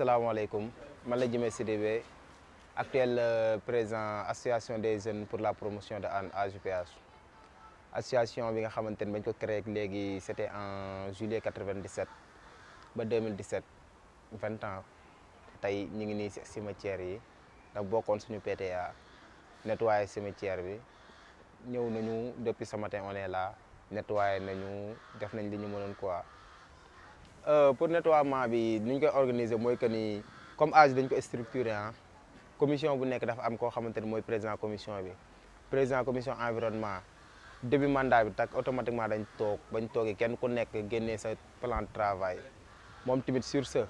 salaamaaleykum man la Jimé CDB, actuel euh, présent association des jeunes pour la promotion de l'AN AJPH association bi nga xamante bañ en juillet 97 ba 2017 20 ans tey ñu ngi dans cimetière Nous avons continué suñu PTA le cimetière Nous depuis ce matin on est là Nettoyer nous. def nañ li ñu nous quoi. Euh, pour nettoiement bi ni ñu koy organiser mooy que ni comme âge dañ ko structuré ah commission bu nekk dafa am koo xamante ni mooy président commission bi président commission environnement début mandat bi tak automatiquement dañ toog bañ toogee kenn ku nekk génnee sa plan de travail moom tamit sur ce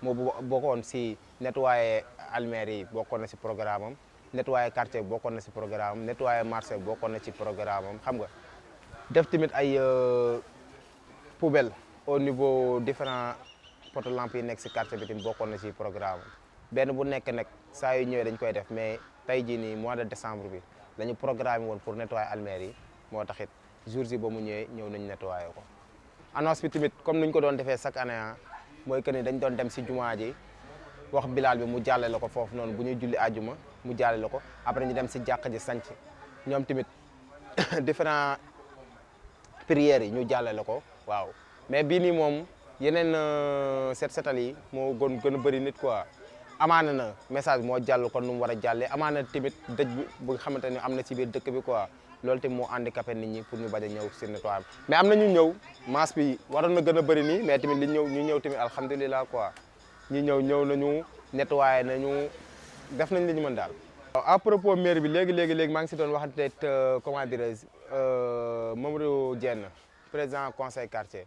moo bokkoon si nettoyer almeri yi bokkoon na si programme am nettoyer quartier bi bokkoon na si programme am nettoyer marché bi bokkoon na ci programme am xam nga def tamit ay euh, poubelle au niveau différents poto lamp yi nekk si quartier bi tamit bokkoon na si programme benn bu nekk nag saa yu ñëwee dañ koy def mais tey jii nii mois de décembre bi dañu ñu programme woon pour nettoyer almere yi moo taxit jours yi ba mu ñëwee ñëw nañ nettoyé ko. annonce bi tamit comme ni ñu ko doon defee chaque année ah, mooy que ni dañ doon dem si jumaa ji wax bilaal bi mu jàllale ko foofu noonu bu ñuy julli àjjuma mu jàllale ko après ñu dem si jàkka ji sanc ñoom tamit différents prières yi ñu jàllale ko mais bii nii moom yeneen euh, set setal yi moo gën gën a bëri nit quoi amaana na message moo jàll kon nu mu war a jàllee amaana tamit dëj bu nga xamante ne am na ci biir dëkk bi quoi loolu tamit moo handicapé nit ñi pour ñu bañ a ñëw sur nettoyage mais am na ñu ñëw masse bi waroon na gën a bari nii mais tamit li ñëw ñu ñëw tamit alhamdulilah quoi ñu ñëw ñëw na ñu nañu na ñu def nañ li ñu mën daal. à propos maire bi léegi léegi léegi maa ngi si doon waxante euh, comment dirais-je euh, Mamadou Diène président conseil quartier.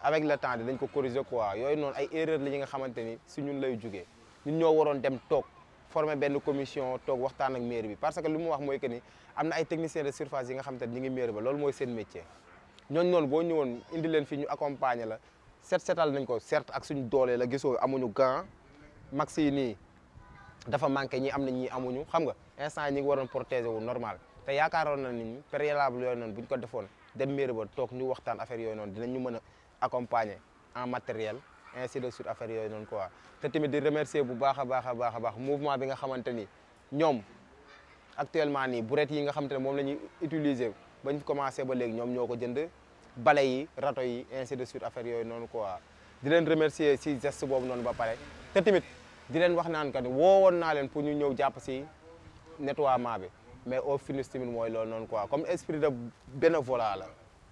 avec le temps dañ ko corriger quoi yooyu noonu ay erreur la nga xamante ni si ñun lay jugee ñun ñoo waroon dem toog former benn commission toog waxtaan ak mairie bi parce que li mu wax mooy que ni am na ay techniciens de surface ni ñu ngi mairie ba loolu mooy noonu boo ñëwoon indi leen fii ñu accompagner la set setal nañ ko certes ak suñu doole la gisoo amuñu gant max yi nii dafa manqué ñi am na ñi amuñu xam nga instant ñi ngi waroon protéger wu normal te yaakaaroon na nit ñi préalable yooyu noonu bu ñu ko defoon dem mairie ba toog ñu waxtaan affaire yooyu noonu dinañ ñu mën a accompagner en matériel ainsi de suite affaire quoi te remercier mouvement bi nga actuellement ni. buret yi nga utiliser commencé ba ainsi de suite affaire yoy non quoi di remercier si geste ba pour mais au quoi comme esprit de bénévolat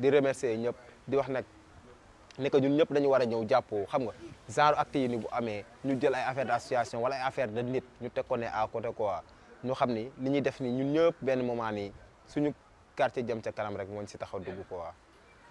di remercier ñëpp di wax nag ne ñun ñëpp dañu war a ñëw jàppoo xam nga genre acte bu amee ñu jël ay affaire d'association wala ay affaire de nit ñu teg ko ne à côté quoi ñu xam ni li ñuy def ni ñun ñëpp benn moment nii suñu quartier jëm ca kanam rek moo si taxaw dugg quoi.